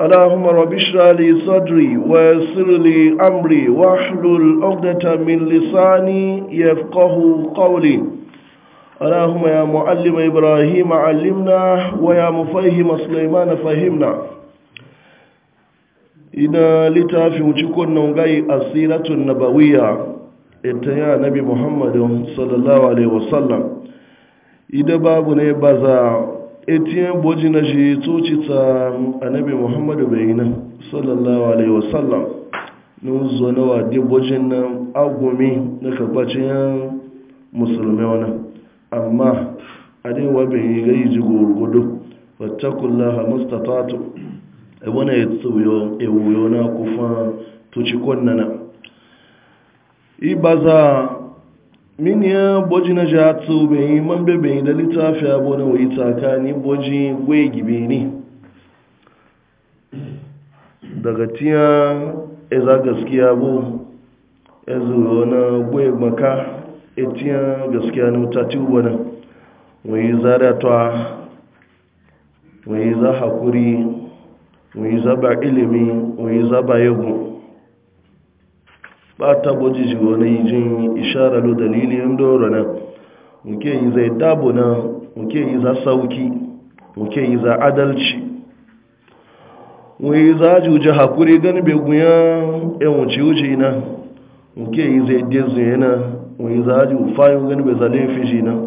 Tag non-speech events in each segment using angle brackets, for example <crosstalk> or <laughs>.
اللهم رب اشرح لي صدري ويسر لي امري واحلل عقدة من لساني يفقه قولي اللهم يا معلم ابراهيم علمنا ويا مفهم سليمان فهمنا ina littafin cikon nan gai asiratun nabawiya ita ya nabi muhammadu sallallahu alaihi wasallam ida babu ne baza etiye gboji na shi tsoci anabi annabi muhammadu bayina sallallahu alaihi wasallam nun zo na wade bojin na agwọmi na ya musulmi wani amma adewa bai ga ji gurgudu wata kula ha mustatatu e wani na ewuyo na kufa tuci kwanna na ibaza min ya boji na ja tsobe yi man bebe da littafi abu na wai ni boji gwai gibe ni daga tiya eza gaskiya bu ezu na gwai maka etiya gaskiya na mutati wani wai zaratwa wai za hakuri wai zaba ilimi wai zaba yagun ba ta boji ji wani jin ishara lo dalili yan doro na muke yi zai dabo na muke yi za sauki muke yi za adalci wai za ji wuce hakuri gani bai guya yan wuce wuce na muke yi zai dezu yana wai za ji fayin gani bai zalin fiji na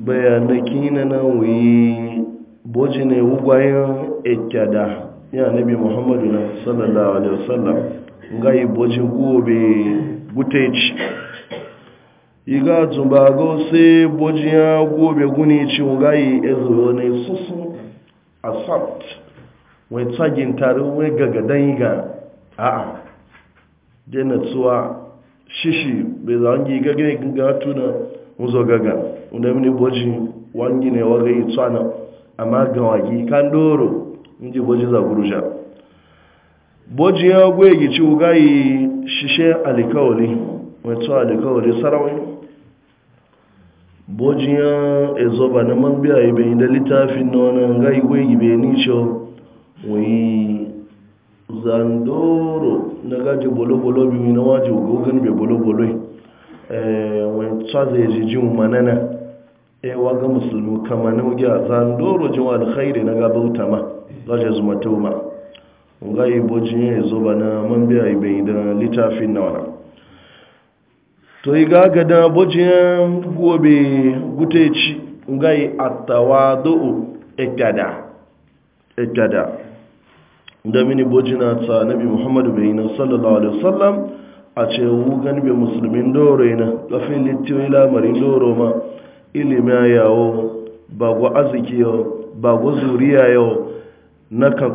bayanaki na na wai boji ne wugwayen ekada ya nabi muhammadu na sallallahu alaihi wasallam nga ibojin gobe guteci iga zumbago sai bojiya gobe guni ci ngayi ezuwa ne susu assault wai tsagin tare wai gagadan iga a'a dena tsuwa shishi bai zangi gagare ga tuna muzo gaga wanda mini boji wangi ne waga yi tsana amma ga kan doro inji boji za gurusha boji ya tí ci gáyì shishe alikawali wẹ̀tọ́ alikawali sarawai boji ya ezoba na man biya ibe da littafin na wani gai gwegi bai nisho wai zandoro na gaji bolo-bolo eh, eh, na waje ugogun bai bolo-bolo manana na alkhairi ngai bojin ya zo bana man ibe bai da littafin na wana to yi gaga da bojin gobe guteci ngai atawadu'u ikada ikada da mini na ta nabi muhammadu bai na sallallahu alaihi wasallam a ce wugan bai musulmin doro yana kafin littiyoyi lamarin doro ma ilimin yawo ba gwa arziki yau ba gwa zuriya yau na kan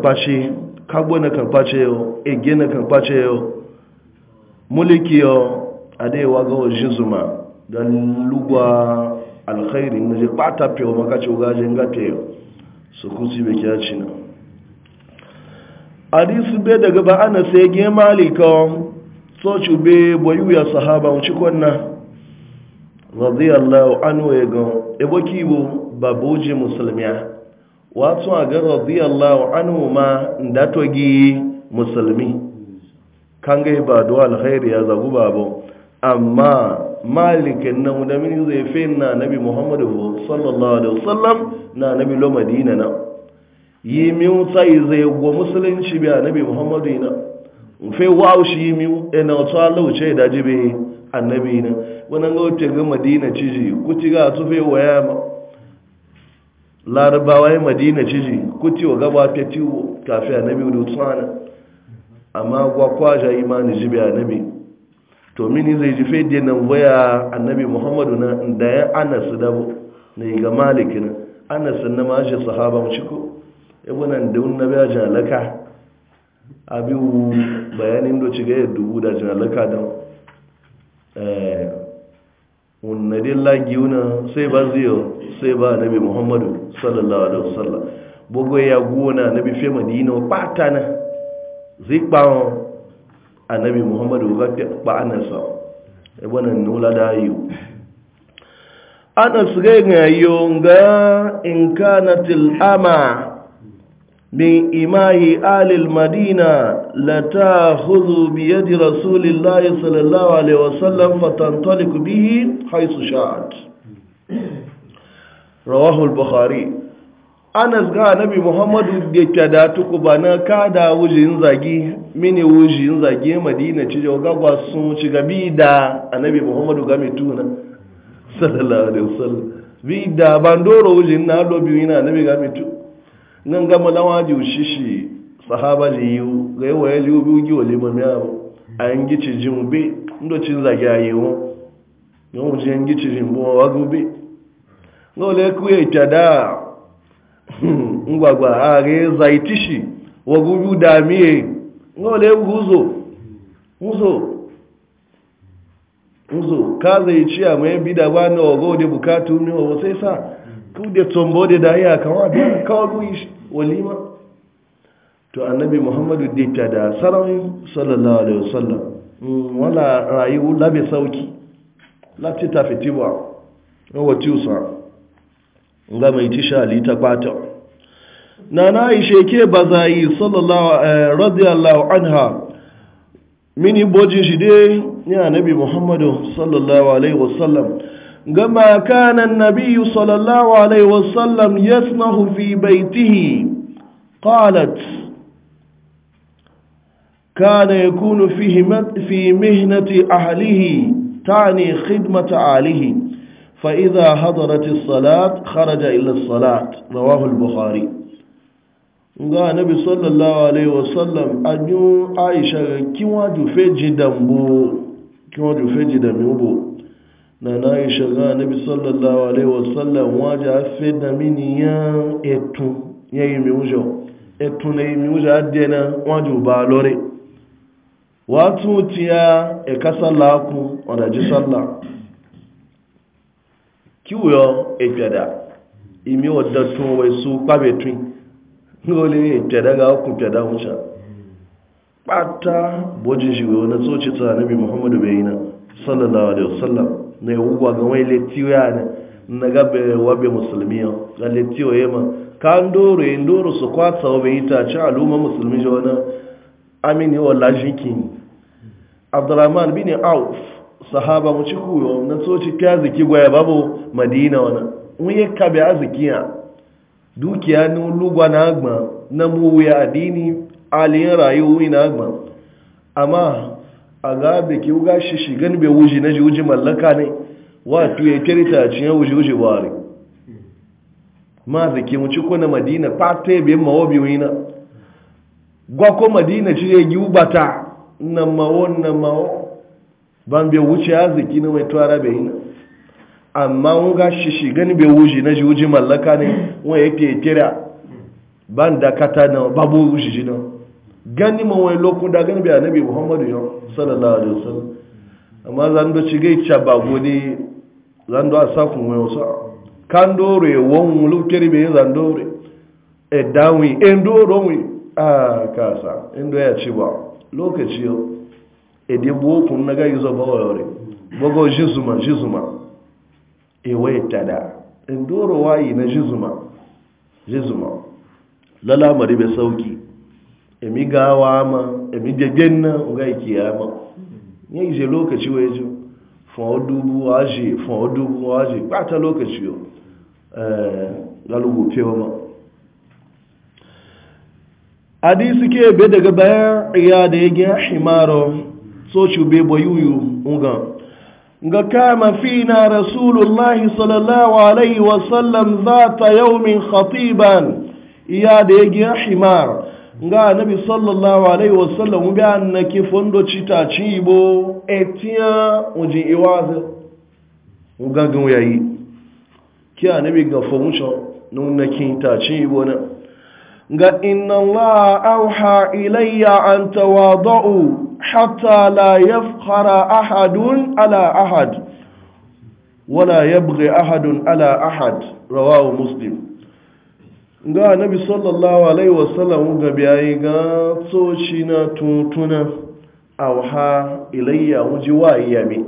kagbo na karface yau ege na karface yau muliki yau a da yawa ga wajen zuma don lugwa alkhairi na je bata fiye makaci wajen gafe yau su kusi bai kya ci na adisu bai daga ba ana sai ge malika soci bai bayu ya sahaba wuce kwanna radiyallahu anu ya gan ebo kibo baboji musulmiya wato a ga radiyallahu anhu ma da togi musulmi kan ga ba do alkhairi ya zagu babo amma malikin nan da mini zai fe na nabi muhammadu sallallahu alaihi wasallam na nabi lo madina na yi miu sai zai go musulunci bi nabi muhammadu ina fe wa shi yi miu ina to Allah ce da jibe annabi na wannan ga ce ga madina ciji ku ci ga su waya ma larabawa ya madina ciji kuti wa gaba ta tiwo kafi a nabi da tsana amma gwakwaja imani jibi a nabi to mini zai ji fede nan waya nabi muhammadu na da ya anas da yi ga maliki na anas na ma shi sahaba mu ciko nan da wani nabi a jalaka abin bayanin doci ga yadda dubu da jalaka don eh, wannadin lagiuna sai ba ziyo sai ba nabi muhammadu sallallahu alaihi wasallam bugu ya gona nabi fe madina patana zikpa annabi muhammadu ta ba sa e bona nula da yu ana suge yi ga in kanatil ama بإماء آل المدينة لتأخذ بيد رسول الله صلى الله عليه وسلم فتنطلق به حيث شاءت رواه البخاري anas ga nabi muhammadu da kyada tuku ba na kada wujin zagi mini wujin zagi madina ci jau gagwa sun ci da annabi muhammadu ga mai tuna bi da bandoro wujin na lobi yana annabi ga mai tuna nan gama lawa ji sahaba ga yi waye liyu biyu giwa liman ya bu a yin gici jin ndo cin zage a yiwu yan wuce yin gici jin bu wa gube ga wale kuye tada <laughs> ngwagwa a ga zaitishi wa ga wale guzo guzo guzo ka zai ciya mai bukatu ne wa sa kude tsombo da dariya kawa biya kawa guyi walima to annabi muhammadu dita da sarawin sallallahu alaihi wasallam mm, wala rayu labe sauki lati ta fitiwa wati usa nga mai tisha ali ta kwata na na aisha ke yi, sallallahu eh, radiyallahu anha mini bojin shi dai ni annabi muhammadu sallallahu alaihi wasallam كما كان النبي صلى الله عليه وسلم يصنع في بيته قالت كان يكون فيه في مهنة أهله تعني خدمة أهله فإذا حضرت الصلاة خرج إلى الصلاة رواه البخاري قال النبي sallallahu alaihi wasallam وسلم yi aisha kiwa jufe ji dambu kiwa jufe dambu na na yi shaga nabi sallallahu alaihi wasallam waje hafi e da mini ya etu ya yi miujo etu na yi miujo adiyana waje ba lore watu tiya ga bata bojin shi wani tsoci ta muhammadu sallallahu alaihi wasallam na ya wugwa ga wani ya ne na gabe wabe musulmi ya ga letio ya ma ka ndoro ya ndoro su kwata wabe ita ci al'umma musulmi ji wani amini wa lajiki abdurrahman bin auf sahaba mu ci kuyo na so ci kya ziki gwaya babu madina wani wani kabe aziki ya dukiya ni lugwa na agba na mu adini aliyin rayuwa na agba amma a ga ke wuga shi shigan bai wuji na jiwuji mallaka ne wato ya ci cikin wuji-wuji ware ma zake mu ciko na madina fata ya biyan mawa biyu na gwakon madina ci ya yi wubata na mawa na mawo ban bai wuce ya zaki na mai tuwara bai na amma wuga shi shigan bai wuji na jiwuji mallaka ne wani ya kira ban da kata na babu wuji na gani ma wani lokun da gani bai annabi muhammadu yau sallallahu alaihi wasallam amma zan do ci gai cha godi ne zan do asa kun wai wasu kan dore won lokere bai zan re e dawi en do do a kasa en do ya ci ba lokaci yau e de bo kun na ga yuzo ba wore bogo jizuma jizuma e wai tada en doro wayi na jizuma jizuma lala mari be sauki emi gawa ma emi gegen na nga ikiyama ya ije lokaci wa yaji fún ọdúgbù ajé fún ọdúgbù ajé pàtà lokaci yau lalugu fewa ma hadisi ke be daga bayan iya da ya gina himaro soci be bayuyu nga nga kama fi na rasulullahi sallallahu alaihi wasallam zata yaumin khatiban iya da ya gina himaro nga anabi sallallahu alaihi wasallam bi annaki fondo chita chibo etia uji iwaze ugagun yayi ki anabi ga fomusho nunna kin ta chibo na nga inna allaha auha ilayya an tawadau hatta la yafkhara ahadun ala ahad wala yabghi ahadun ala ahad rawahu muslim ga annabi sallallahu alaihi wasallam ga biyayi ga tsoci na tuntuna auha ilayya wuji wa yami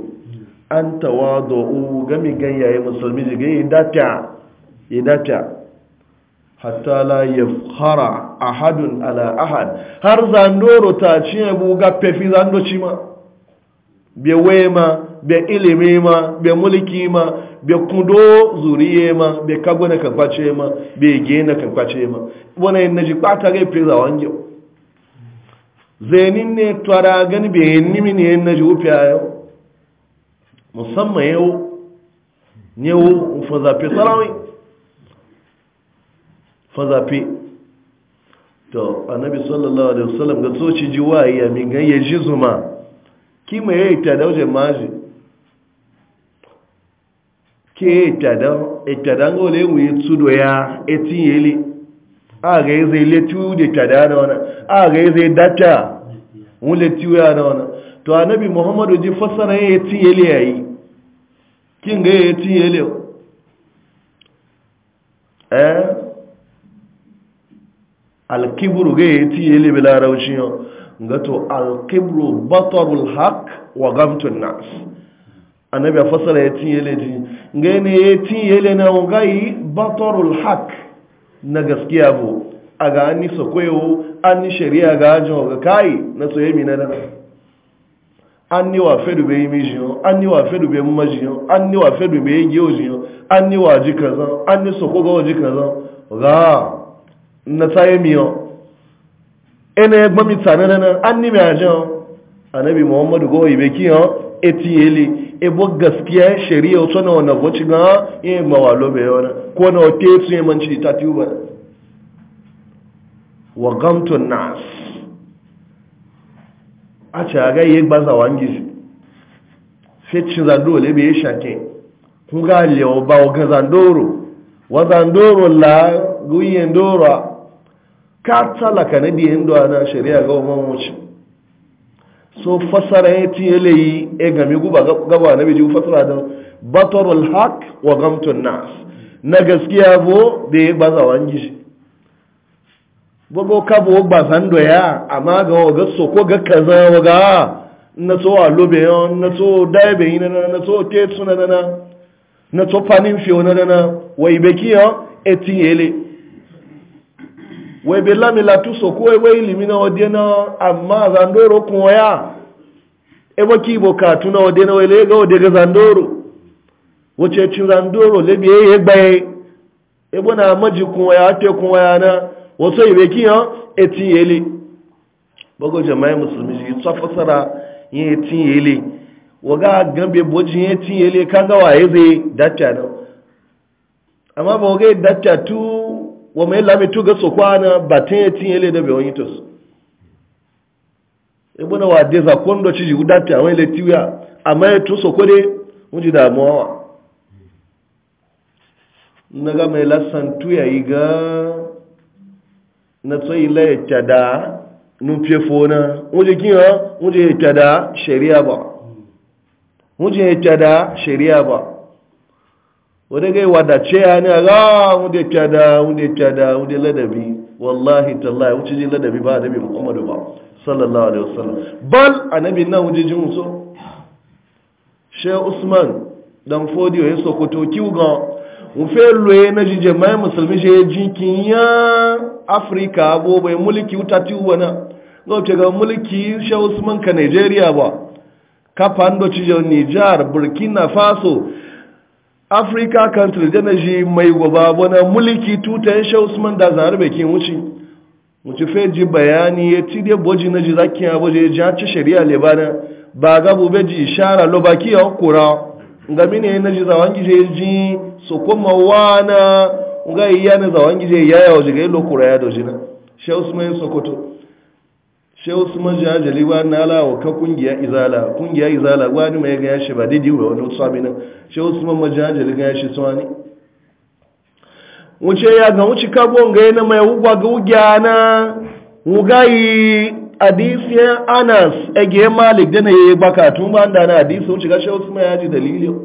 an tawadu ga mi ganyaye musulmi ga idata idata hatta la yafkhara ahadun ala ahad har zandoro ta ci bu ga pefi zando ci ma be ilimi ma be mulki ma be kudo zuriye ma be kagwana kan kwace ma be gena kan kwace ma wannan naji kwata ga fira wange zainin ne twara gani be yenni mini yen naji ufiya yau musamman yau yau fazafe sarawi fazafe to annabi sallallahu alaihi wasallam ga soci ji waye ya min ga yaji zuma kima yayi ta dauje maji ke tada ole nwee tudo ya etinyeli a ga-eze letu de tada na ọna a ga-eze data letu ya na ọna to anabi muhammadu ji fassara ya etinyeli ya yi kin ga ya etinyeli e? alkibru ga etinyeli bi larauci yau ga to alkibru batarul haq wa gamtun nas annabi fasara ya cinye leji ga ne ya cinye le na wangayi batarul haq na gaskiya bu a ga an nisa kwayo an ni shari'a ga ajin ga kai na soye mi na da an ni wa fedu bai mi jiyo an ni wa fedu bai mma jiyo an ni wa fedu bai yi o jiyo an ni wa ji kaza an ni soko ga ji kaza ga na tsaye mi yo ene ya gbami tsanana an ni mai ajin annabi muhammadu goyi bai kiyan eti ele ebo gaskiya shari'a wasu na wani wacce ga iya mawalo bai wani ko na wata su yi manci ta tiyo ba wa gamtun nas a ce a gaye za wangi shi zando wale bai yi shake kun ga lewa ba wa zandoro wa zandoro la guyen dora ka ka na biyan na shari'a ga wani wuce so fasara ya tiye yi e game guba gaba na biji fasara don batarul haq wa gamtun nas na gaskiya bo da ya baza ji shi bago kabo ba san doya amma ga waga ko ga kaza waga na to a lobe yau na to daibe yi na na to ke suna na na na to panin fiye na na na wa ibeki yon etiye layi wai bai lamila tu so ko wai ilimi na wade na amma zandoro kun waya e baki bokatu e. na wade na wai lega wade ga zandoro wace cin zandoro lebi ya gbaye e bona maji kun waya te kun waya na wato ibe kiyan etin yele bago jama'i musulmi shi tsafasara yin etin yele waga gambe bojin etin yele kaga waye zai datta na amma ba waga datta tu wa mai lami tu ga so kwana batin ya tinye le da bewon yitos ibuna e wa de za kondo ci guda ta wani le tiya amma ya tu so kode mun ji damuwa na ga mai lasan tuya yi ga na tsoyi la ya tada nufe fona mun ji kiyo mun ji ya tada shari'a ba mun ji ya tada shari'a ba wani gai wadace ya a ah, ga wunde kyada wunde kyada wunde ladabi wallahi tallahi wuce ji ladabi ba bi muhammadu ba sallallahu alaihi wasallam bal annabi nan wuce ji muso she usman dan fodiyo ya sokoto kiwga wufe loye na jije mai musulmi she jinkin ya afirka abu bai mulki wuta tiwu na wuce ga mulki she usman ka nigeria ba kafa ndo cije nijar burkina faso africa da na ji mai gaba wani mulki tuta ya sha usman da zahar bai wuce wuce fai ji bayani ya ci dai boji na ji zaki ya boji ya ji haci shari'a lebana ba ga bube ji ishara lo baki ya kura ga mine na ji zawan gije ji su kuma wana ga iya na zawan gije ya ya waje ga ilo kura ya dojina sha usman sokoto sai wasu majiya wa na lawa ka kungiya izala kungiya izala wani mai gaya shi ba didi wa wani wasu abinan sai wasu man majiya jaliba ya shi tsawani wuce ya ga wuce kabon ga na mai wugwa ga wugya na wugayi adisiyan anas ege malik da na yi baka tun ba da na adisi wuce ga shi wasu ya yaji dalilin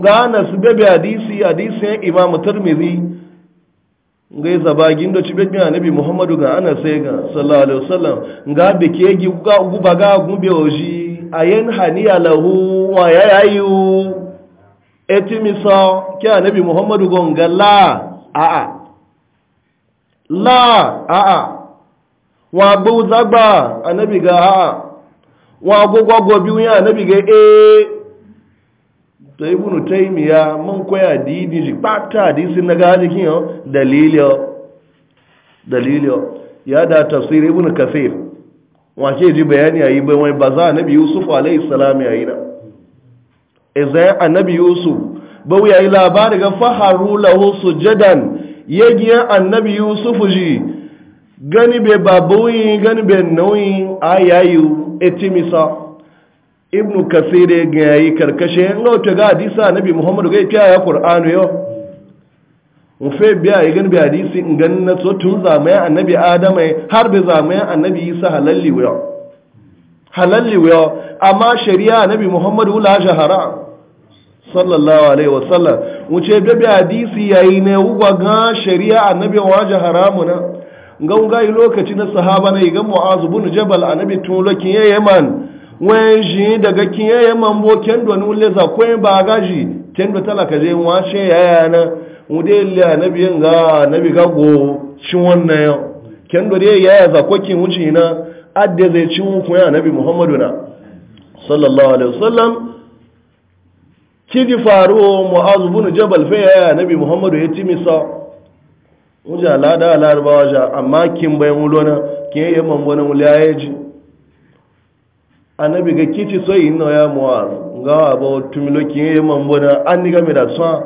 ga anas bebe adisi adisiyan imamu turmizi ngai zabagin da cibe mi nabi muhammadu ga ana sai ga sallallahu alaihi wasallam ga be ke gi ga guba ga gube oji ayen haniya lahu wa ya yayu etimisa ke nabi muhammadu go ga laa a a la a a wa bu zagba anabi ga a a wa gogo gobi annabi ga eh to ibnu taymiya mun koya didi ji pata hadisi na gaji kin yo dalilio dalilio ya da tafsir ibnu kathir wace ji bayani ayi bai wai baza nabi yusuf alayhi salam yayi na idza e annabi yusuf bau yayi labari ga faharu lahu sujadan yagiya annabi yusuf ji gani be babuyi gani be nauyi ayayu etimisa ibnu kasir ga yayi karkashe no ta ga hadisa nabi muhammadu ga fiya ya qur'anu yo mu fe biya yi gan bi hadisi in gan na so tun zamaya annabi adama har bi zamaya annabi isa halalli wa halalli wa amma shari'a nabi muhammadu la shahara sallallahu alaihi wa sallam mu ce bi bi hadisi yayi ne uwa ga shari'a annabi wa jaharamu na ngan gayi lokaci na sahaba ne ga mu'azu jabal annabi tun lokin yayi man wen ji daga kiyaye mambo kendo ni ule za kwen bagaji kendo talaka je washe yaya na ude ile annabi yanga annabi ga go shi wannan yau kendo dai yaya za kin wuce na adde zai ci muku ya annabi muhammadu na sallallahu alaihi wasallam kidi faru mu'azu bin jabal fa ya annabi muhammadu ya timisa wuja lada larabawa ja amma kin bayan wulona kiyaye mambo na mulayeji annabi ga kici soyi no ya muwaz ga ba tumiloki ye mambo na an ni game da tsan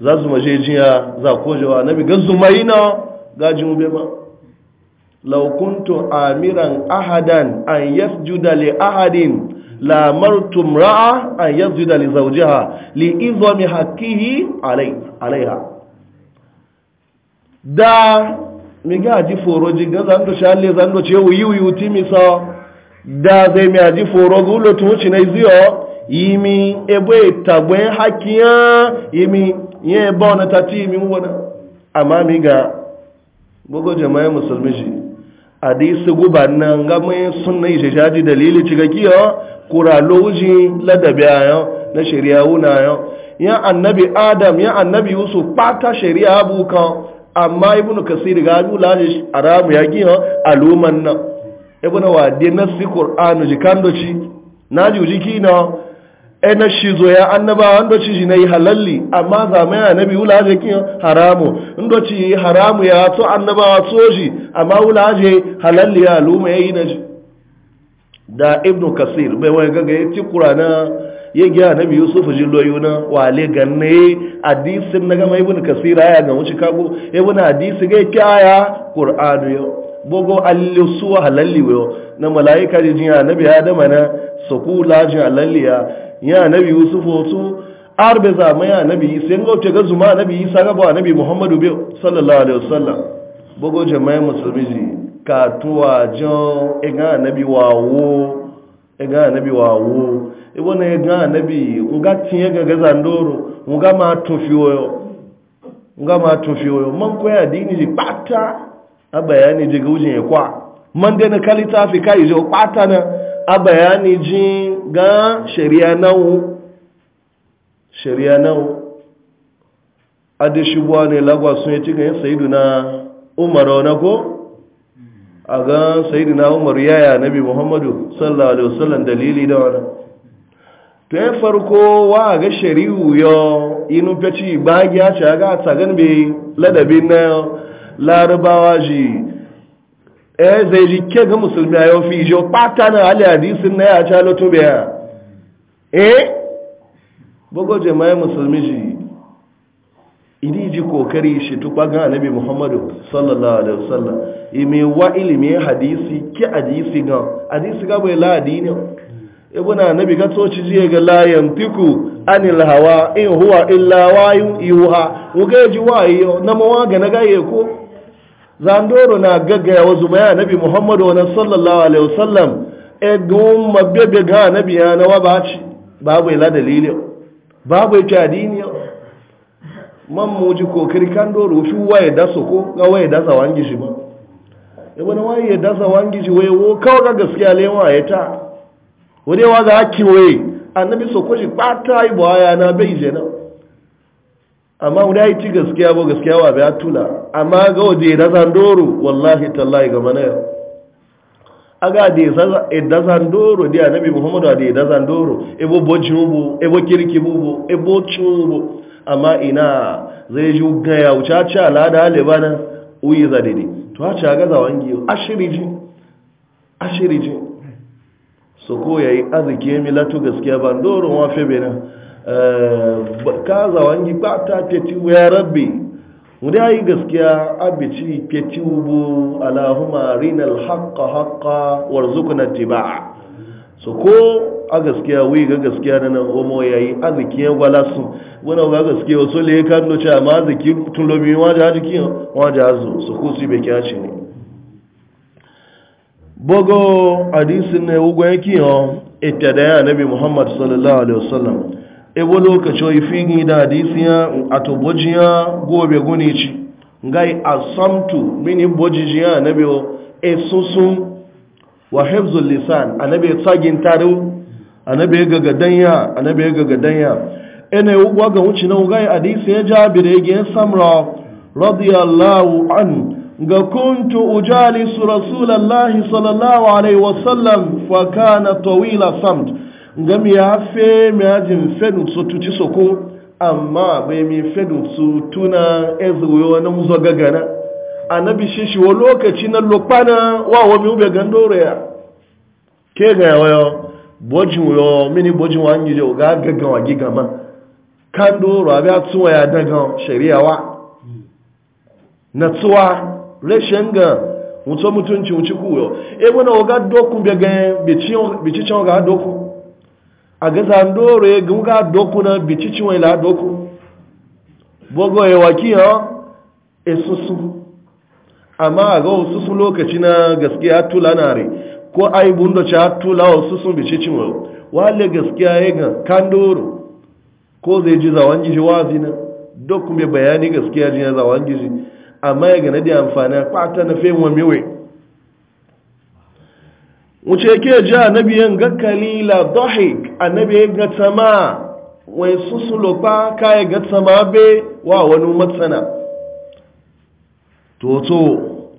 za su maje jiya za ko jawa annabi ga zumai na ga jimu be ma law kuntu amiran ahadan an yasjuda li ahadin la martu imra'a an yasjuda li zawjiha li izami hakihi alai alaiha da mi ga ji foro ga zan to shalle zan to ce wuyu yuti mi so da zai mi aji foro gulo tun wuce na iziyo yimi ebe tagbe hakiya yimi yi ebe ona tati mi wana amma mi ga gbogbo jama'a musulmi shi su guba nan gama mai sunna yi shashaji dalili ci ga kiyo kura loji ladabi ayo na shari'a wuna ayo ya annabi adam ya annabi wasu pata shari'a abu kan amma ibnu kasir ga ju laji aramu ya kiyo aluman nan ebona wa de si qur'anu kando ci na juji kina e na shi zo ya annaba ando ci ji nai halalli amma za mai annabi wula je kin haramu ndo ci haramu ya to annaba to ji amma wula je halalli ya luma yi na ji da ibnu kasir bai wani gaga ya ci qur'ana ya gya annabi yusuf ji na wale ganne hadisin na gama ibnu kasir aya ga wuce kago ibnu hadisi ga kaya qur'anu yau bogo alli suwa halalli wayo na malaika ji jiya nabi adama na saku lajin halalliya ya ya nabi yusufu su arbe za ma ya nabi sai ga ce ga zuma nabi isa ga ba nabi muhammadu bi sallallahu alaihi wasallam bogo jama'i musulmi ji ka tuwa jon ega nabi wawo ega nabi wawo na ega nabi nga tinye ga gaza ndoro nga ma tufi wayo nga ma tufi wayo man koya dini ji pata a bayani daga gaujin ya kwa man dai na kalita fi kai zo kwata na a bayani jin ga shari'a nawo shari'a nawo adishibuwa ne lagwa sun yi cikin sayidu na umar na ko a ga sayidu na umaru yaya nabi muhammadu sallallahu alaihi wasallam dalili da wani ta yi farko wa ga shari'u yau inu feci bagi ya ce ga tsagan bai na yau larabawa ji eh zai ji ke ga musulmi a yau fi jo pata ali hali hadisin na ya ca lotu biya eh bugo jama'i musulmi ji idi ji kokari shi tukwa ga annabi muhammadu sallallahu alaihi wasallam ime wa ilimi hadisi ke hadisi ga hadisi ga bai la adini ibn annabi ga ji ga layan yantiku anil hawa in huwa illa wayun yuha uga ji wayo na mawaga na gaye ko zandoro na gaggaya wasu maya nabi muhammadu wani sallallahu alaihi wasallam e goma mabbe ga nabi ya na wabaci babu ila dalili babu ya kyadini man muji kokiri kan doro shi waye su ko ga waye sa wangi shi ba e wani waye ya sa wangi shi waye wo kawo ga gaskiya lewa ya ta wani wa ga hakki waye annabi ko shi ba ta yi ba na bai je na amma wani ya ci gaskiya ba gaskiya wa ya tuna amma ga waje da zandoro wallahi tallahi ga mana yau aga da da zandoro da annabi muhammadu da da zandoro ebo bocin bu ebo e kirki bu ebo e cin bu amma ina zai ji gaya wuce ci ala da na, uyi za dede to a ci ga zawan giyo ashiriji ashiriji so ko yayi azike milatu gaskiya ba ndoro wa febe Eh, ka ba ta bata fetiwu ya rabbi wani ya yi gaskiya abici fetiwu bu alahuma rinal haƙa haƙa warzukuna tiba'a so ko a gaskiya wuyi ga gaskiya na nan omo ya yi arziki ya gwala su wani ga gaskiya wasu le ya kan noce amma arziki tun lobi wajen arziki wajen azu su ku su beki haci ne bogo hadisin ne wugo yake yawon ita da ya nabi muhammad sallallahu alaihi wasallam ebo lokaci wai fini da hadisiya a tobojiya gobe guni ci ngai asamtu mini bojijiya na biyo esusun wa hifzul lisan anabe tsagin taru anabe gagadanya anabe gagadanya ene ugwa ga wuci na ugai hadisiya jabir yake samra radiyallahu an ga kuntu ujalisu rasulullahi sallallahu alaihi wasallam fa kana tawila samt ngam ya fe mi ajin fedun so tuci soko amma bai mi fedun su tuna ezuwe wani muzo gagana annabi shi shi wa lokaci na lokpana wa wa mi ube gandoro ya ke ga yawayo bojin yo mini bojin wa ngi je ga gagan wa giga ma kandoro abi atuwa ya dagan shari'a wa na tuwa reshen ga mutum mutunci mutuku yo e wana wa ga dokun bege bi ci bi ga dokun a ga sandoro ya ga doku na bicicin wani la doku bogo ya waki ya esusu amma a ga wasu lokaci na gaskiya tula na re ko ai bundo cha tula wasu sun bicicin wani wale gaskiya ya ga kandoro ko zai ji zawon gishi wazi na doku mai bayani gaskiya ji na zawon gishi amma ya ga na da amfani kwata na femuwa miwai wuce ke ji annabi yin ga kalila dhahik annabi yin ga tama wai susulo ka ya ga tama be wa wani matsana toto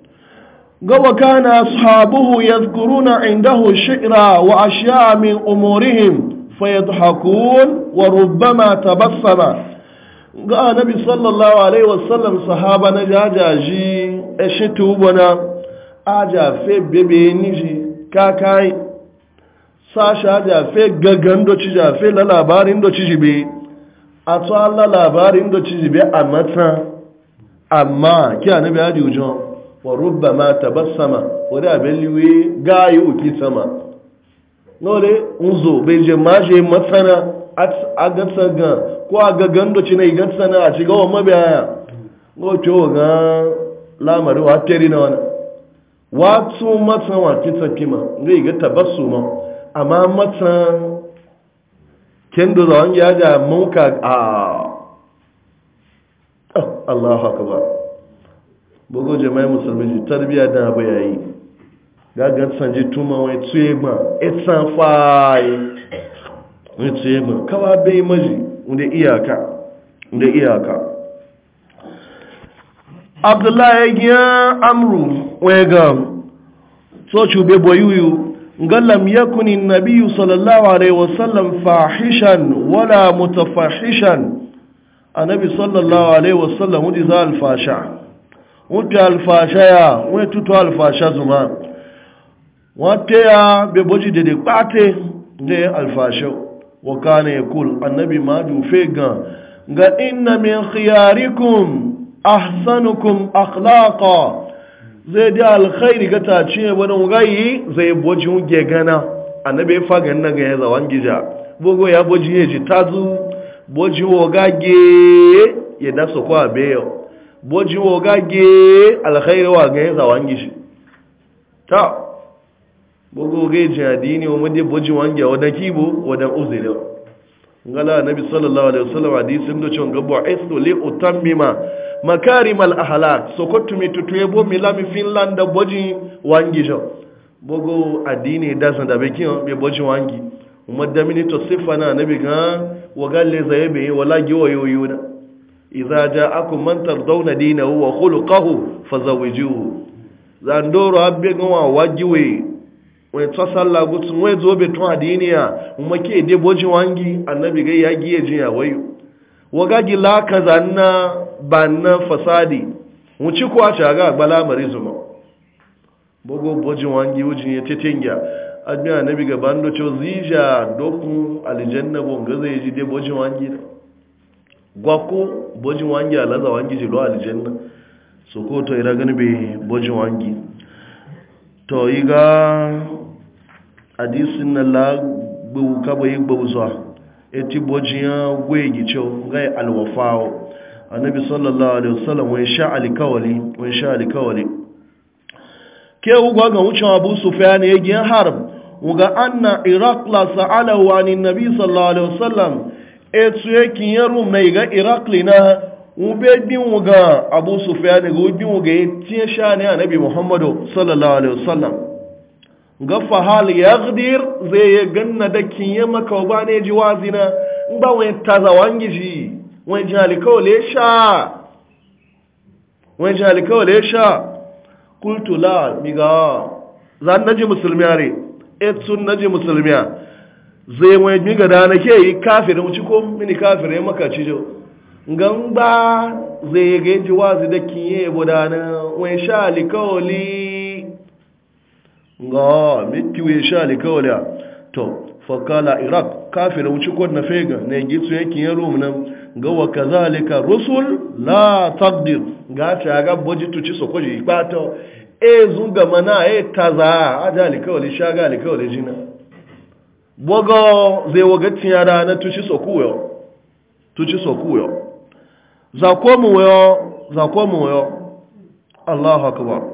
ga wa kana ashabuhu yadhkuruna indahu shi'ra wa ashya'a min umurihim fayadhakun wa rubbama tabassama ga annabi sallallahu alaihi wasallam sahaba na jajaji e shi tubona aja fe bebe niji kakai sasha jafe gaggan doci jafe la labarin doci jibe a tsohon la labarin doci jibe a matan amma ki a níbi adi òjò wà rúbà máa tàbá sama wadda abin liwe gáyé sama nore nzo bai je maje matsana a gatsa gan ko a doci na igatsa na a shiga wa mabiyaya lórí cewa gan lamarin wa tere na wani wato matsan wafi tafi ma zai ga tabassu ma amma matsan kendo da wani a ga munka a Allahu akbar bugo jama'i musulmi ji tarbiya da abu yayi gagan sanje tuma wai tuye ma etsan fai wai tuye ma kawa bai maji inda iyaka inda iyaka abdullahi ya giya amru wega soci ube boyuyu galam yakunin nabiyu sallallahu alaihi wasallam fahishan wala mutafahishan annabi sallallahu alaihi wasallam wuji za alfasha wuce alfasha ya wani tuto alfasha zuma wata ya beboji da da kpate da ya alfasha wa kane ya kul annabi ma dufe ga ga inna min khiyarikum ahsanukum akhlaqa zai da alkhairi ga ta ce wani gayi zai boji wuge gana annabi fa ga nan ga ya zawan gija bogo ya boji ya ji tazu boji wo gage ya da su kwa beyo boji wo gage alkhairi wa ga ya zawan gishi ta bogo ga ji adini wa mudi boji wange wa da kibo wa da ngala nabi sallallahu alaihi wasallam hadisin do chon gabo aisu li utammima makarimal ahlak sokotu mi tutuyebo milami finland da boji wangi jo bogo adini san da bekin be boji wangi umadda mini to sifana nabi ga wagalle zayebe wala giwo yoyuna idza ja'akum man tardawna dinahu wa khuluquhu fazawijuhu zandoro abbe wa wajiwe wani tsasalla gutsun wai zo bai tun adiniya make dai boji wangi annabi gai ya giye ya wayo waga gila ka zanna ba na fasadi wuci kuwa shaga gbala mari zuma bogo boji wangi wujin ya titingiya admi annabi ga bando cho zija dokun aljanna bon ga zai ji dai boji wangi da gwako boji wangi alaza wangi ji lo aljanna so ko to ira gani be boji wangi to yi ga hadisin na lagbu kaba yi gbauza eti bojiya gwegi cewa gai alwafawo annabi sallallahu alaihi wasallam wani sha alikawali wani sha alikawali ke ugwa ga wucin abu sufyan ya e gyan harb uga anna La sa'ala wa ni nabi sallallahu alaihi wasallam etu yakin e yaro mai ga irakli na ube bin uga abu sufyan e ga ubin uga ya tiye sha ne annabi muhammadu sallallahu alaihi wasallam hal ya yaghdir zai ya ganna da yi maka ba ne ji wazina in ba wani taza wangi ji wani ji halikawa le sha wani ji halikawa le sha kultu la na zan naji musulmi are na naji musulmiya. zai wani miga da na ke yi kafin wuce ko mini kafin ya maka ci jo gan ba zai ga ji wazi da kinye bodana wani sha halikawa ga mitiwe sha likawala to fakala iraq kafirin wuce kwan na fega na yi gitsu yankin ya romu nan ga wa kazalika rusul la takdir ga ta ya gabba jituci su kwaje ikpata e zunga mana e taza a ja likawali sha ga likawali jina bogo zai waga tiyara na tuci su kuyo tuci su kuyo za komu yo za komu yo allahu akbar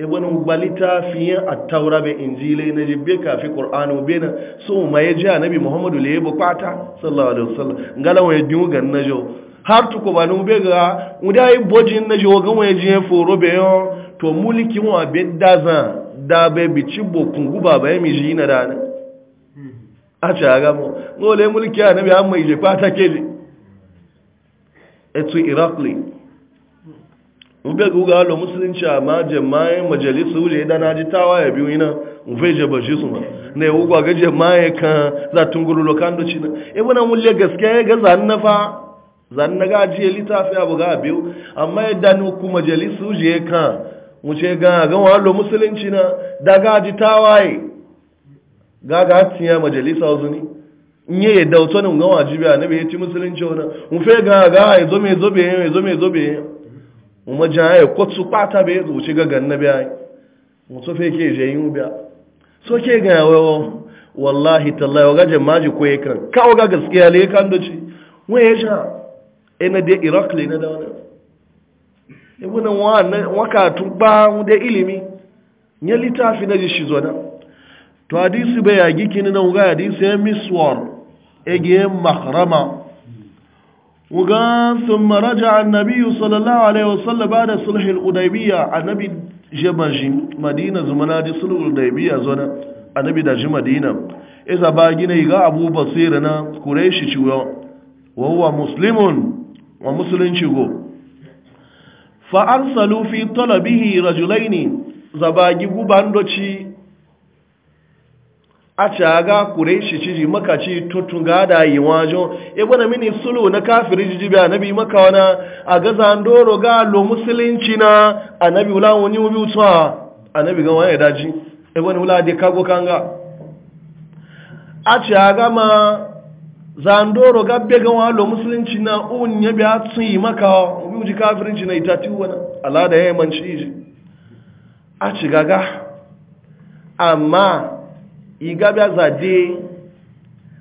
E, ibn balita fiye a taura bai injile na jibbe kafi ƙor'anu bena so ma ya ji anabi muhammadu le ya bukwata sallallahu alaihi wasallam ngalawa ya dimu gan jo har tu ko banu be ga muda yi bojin najo ga wa ya ji foro be yo to mulki mu abe daza da be bi ci bo kungu baba ya mi ji na dana a ci aga gamo ngole muliki anabi amma ije kwata keje etu irakli ga guga alo musulunci a maje maye majalisu uje da ji tawa ya biyu ina ufe je bashi su ma na ya ugwa gaje maye kan za tunguru lokan ci na? e na mulle gaske ya ga zan na fa zan na gaji litafi abu ga biyu amma ya e, danu ku majalisu uje kan mu ce ga ga wallo musulunci na da gaji tawaye ga ga tiya majalisa ni? nye ya dauto ne ga biya? na bai ci musulunci wani mu fe ga ga ya zo me zo be ya zo me zo be e, mu majaye kwatsu kwata bai zuci ga ganna biya mutu fe sofe je yin biya so ke ga yawo wallahi tallahi wa gaje maji ko yakan kawo ga gaskiya le kan da ya waye sha ina e da iraq le na da wannan e ibn wannan waka tuba mu da ilimi ne littafi na shi zona to hadisi bai yagi kinin na ga hadisi ya miswar ege mahrama wuga sun maraja annabiyu sallallahu alaihi wasallam ba da sulhul udaybiya annabi jamaji madina zumana di sulhul udaybiya zona annabi da madina iza ba gina ga abu basira na quraishi ciwo wa huwa muslimun wa musulunci go fa arsalu fi talabihi rajulaini zabagi gubandoci a ci aga kure shi ciji maka ci tutun gada yi wajo e gwada mini sulu na kafiri na bi anabi maka wana a gaza ndoro ga lo musulunci na anabi wula wani ubi a anabi ga wani daji e wula de kago kanga a ci aga ma zandoro ga be ga lo musulunci na un ya bi a yi maka ubi uji ji na itatu wani alada ya yi manci a ci gaga amma igabia zade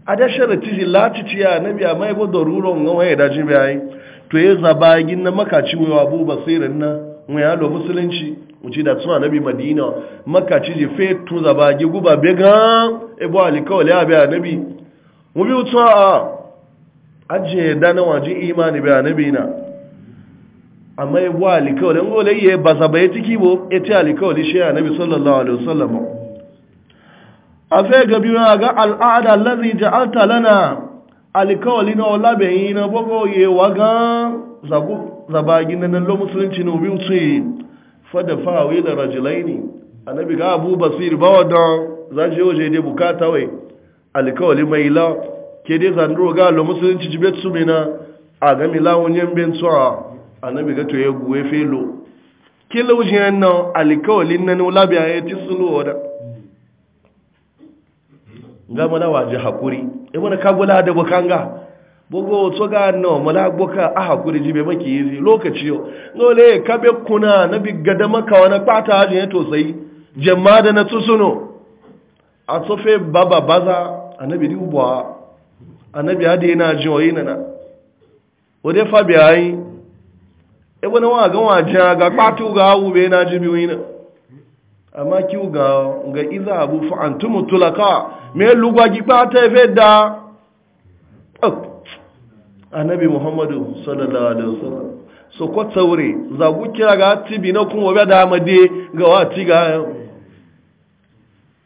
ada shere ji lacici ya nabi a mai bodo ruron ga waye da ji bai to ya zaba gin na makaci wa Abu Basir na mu ya lo musulunci uci da tsuna nabi Madina makaci ji fe tu zaba gi guba be ga e bo alikawli abi nabi mu bi utsa a aje da na waji imani bi nabi na amma ya bo alikawli ngole ye bazaba ya tiki bo ete alikawli shi ya nabi sallallahu alaihi wasallam afe ga biyu ga al'ada lazi ja'alta lana alikawali na yi na bagoye wa ga zabagi na nan lo musulunci na obi utu fada fawe da rajilai ne a annabi ga abu basir ba wadda za je waje dai bukata wai alkawali mai la ke dai zandro ga lo musulunci jibet su mina a ga mila wunyen ben tsawa annabi ga to ya guwe felo kila wujen nan alkawalin nan olabeyi ya ti sulu wadda gama mana waje hakuri ibn e kagula da bukanga bugo to ga no mala boka a hakuri jibe maki yi lokaci yo ngole kabe kuna na bigada maka wani kwata aje to sai jama'a da na tusuno a tsofe baba baza annabi di ubwa annabi hadi yana joyi nana ode fabi ai ibn e wa ga waje ga kwatu ga ube na jibi wina amma ki ga ga iza abu fa antum tulaka me lugwagi ɓata efe da oh. annabi muhammadu sallallahu alaihi wasallam so ko tsaure ku kira ga tibi na kuma ba da amade ga wati ga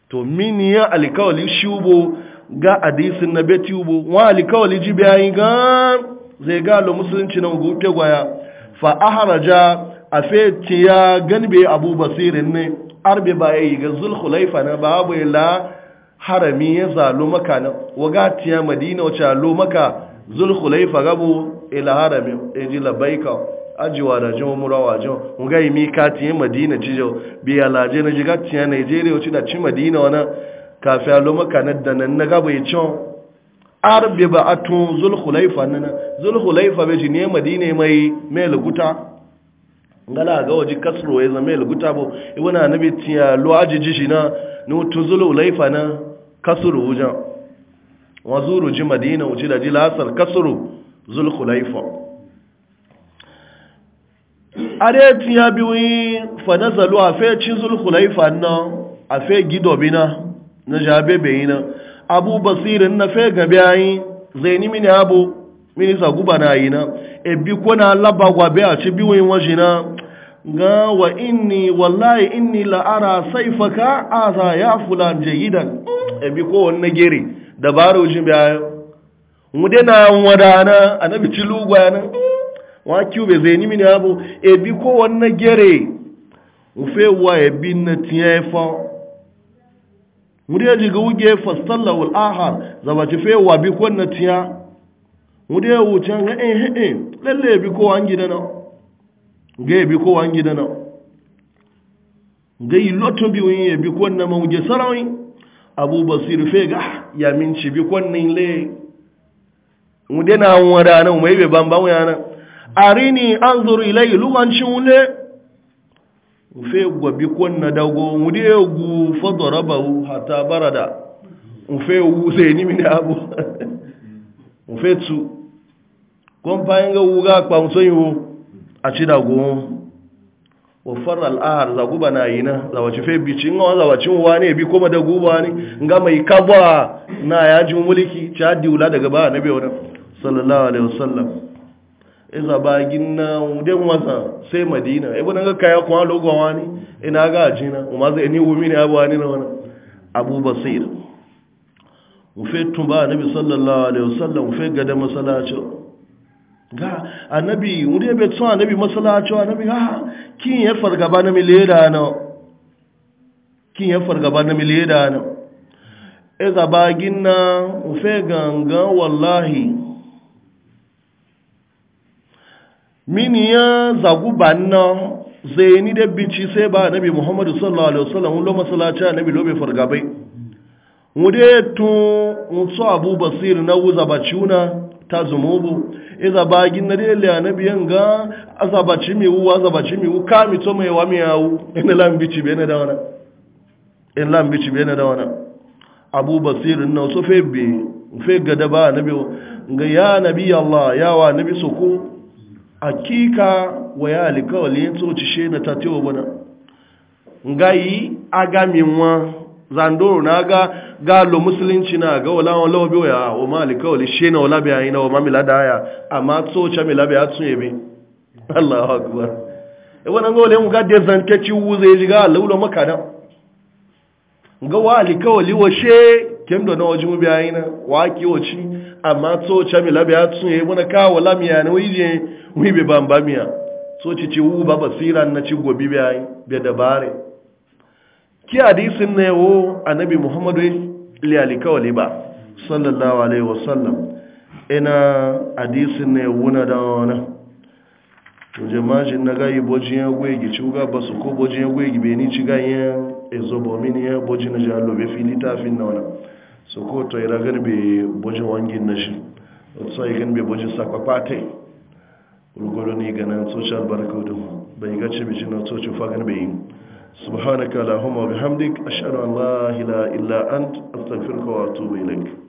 to mini ya alkawali shubo ga hadisin na beti ubo wa alkawali ji bayan ga zai ga lo musulunci na gute gwaya fa a afeti ya ganbe abu basirin ne arbe ba yi ga zulkhulaifa na babu la harami ya zalo maka nan wagatiya madina wacce alo maka zulhulaifa gabo ila harami eji labaika ajiwa da jin murawa jin nga yi tiya madina cijo bi alaje na jiga tiya nigeria wacce da ci madina wana kafi alo maka nan da nan na gabo ya cin arbe ba a tun zulhulaifa nan zulhulaifa bai ji ne madina mai mai luguta ngala ga waje kasro ya zama mai luguta bo ibuna nabi tiya lo ajiji shi na ni tun laifa na kasuru wujan wazuru ji madina wuce da ji lasar kasuru zulkulaifa areti ya biyu fanazalu a fe cin zulkulaifa na a fe gidobina na jabe na. abu basirin na fe gabi ayi zaini mini abu mini zaguba na yi na ebi na laba gwabe a ci biyu na ga wa inni wallahi inni la'ara saifaka aza ya fulan jayidan ebi ko wani gere dabaru jin biyayo mu de na wada na anabi cilu gwana hmm, wa kiu be zeni mini abu ebi ko wani gere ufe wa ebi na tiye fa mu de ji guge fastalla wal ahar zaba ci fe wa bi ko na tiya mu de wuce ga eh, eh eh lalle ebi ko wangi gida na ga ebi ko wangi gida na ga yi lotun biyu ebi ko na mu je sarawin abu siri fega ah, ya min ci bi kwannin le mude na won da nan mai be ban ban yana ni an zuru lugan ci wule ufe gwa bi kwanna dago mude gu fadarabahu hatta barada ufe <laughs> wu sai ni min abu ufe tu kon bayan ga wuga kwanso yiwo a ci dago wafar al'ahar zaguba na yi na zawaci febici in gawa zawaci wa ne bi kuma da guba ne ga mai kaba na yajin mulki ca wula daga ba na bewa sallallahu alaihi wasallam iza ba gina den wasa sai madina ibu na ga kaya kuma logowa ne ina ga na. kuma zai ni wumi ne abuwa ne na wani abu basir ufe tumba nabi sallallahu alaihi wasallam ufe gada masalacin ga annabi wuri ya betu annabi masalacin annabi ha ah, kin ya fargaba na miliyada na kin ya fargaba na miliyada na e zaba gina ufe ganga wallahi mini ya zagu na zai ni da bici sai ba annabi muhammadu sallallahu alaihi wasallam lo masalacin annabi lo bai fargabai wuri ya tun so abu basir na wuza baciuna ta zumubu iza bagin na dele ya nabi ga azabaci miwu azabaci miwu wu ka mi mai wa mi in lan bici be na dawana wana in lan bici be na da wana abu basir na so fe fe gada ba nabi ga ya nabi allah ya wa nabi suku hakika wa ya alkawli na ta tewa bana ngai agami wa zandoro na ga galo musulunci na ga wala wala wa biya wa malika wala shena wala biya ina wa mamila daya amma to cha mila biya tun yebe <laughs> Allahu akbar e wannan gole mu ga de zanke ci wuze ji ga laulo maka da ga walika wali wa she kendo na wajimu biya ina wa ki waci amma to cha mila biya tun yebe wannan ka wala miya ne wije mu be bamba miya so ci ci wu ba basiran na ci gobi biya be dabare ki hadisin ne wo annabi muhammadu li Kawai ba sallallahu alaihi wasallam ina hadisin ne wuna da wani to majin na gayi bojin ya gwegi ci ga ba su ko bojin ya gwegi bai ni ci zobo mini ya bojin na jalo bai fili tafin na wani su ko yi ragar bai bojin wangin na shi wato yi gan bai bojin yi rugoro ni ganin social barcode bai gaci bishi na tsoci fagan bai yi subhanaka allahumma bihamdik ashhadu an la ilaha illa ant astaghfiruka wa atubu ilaik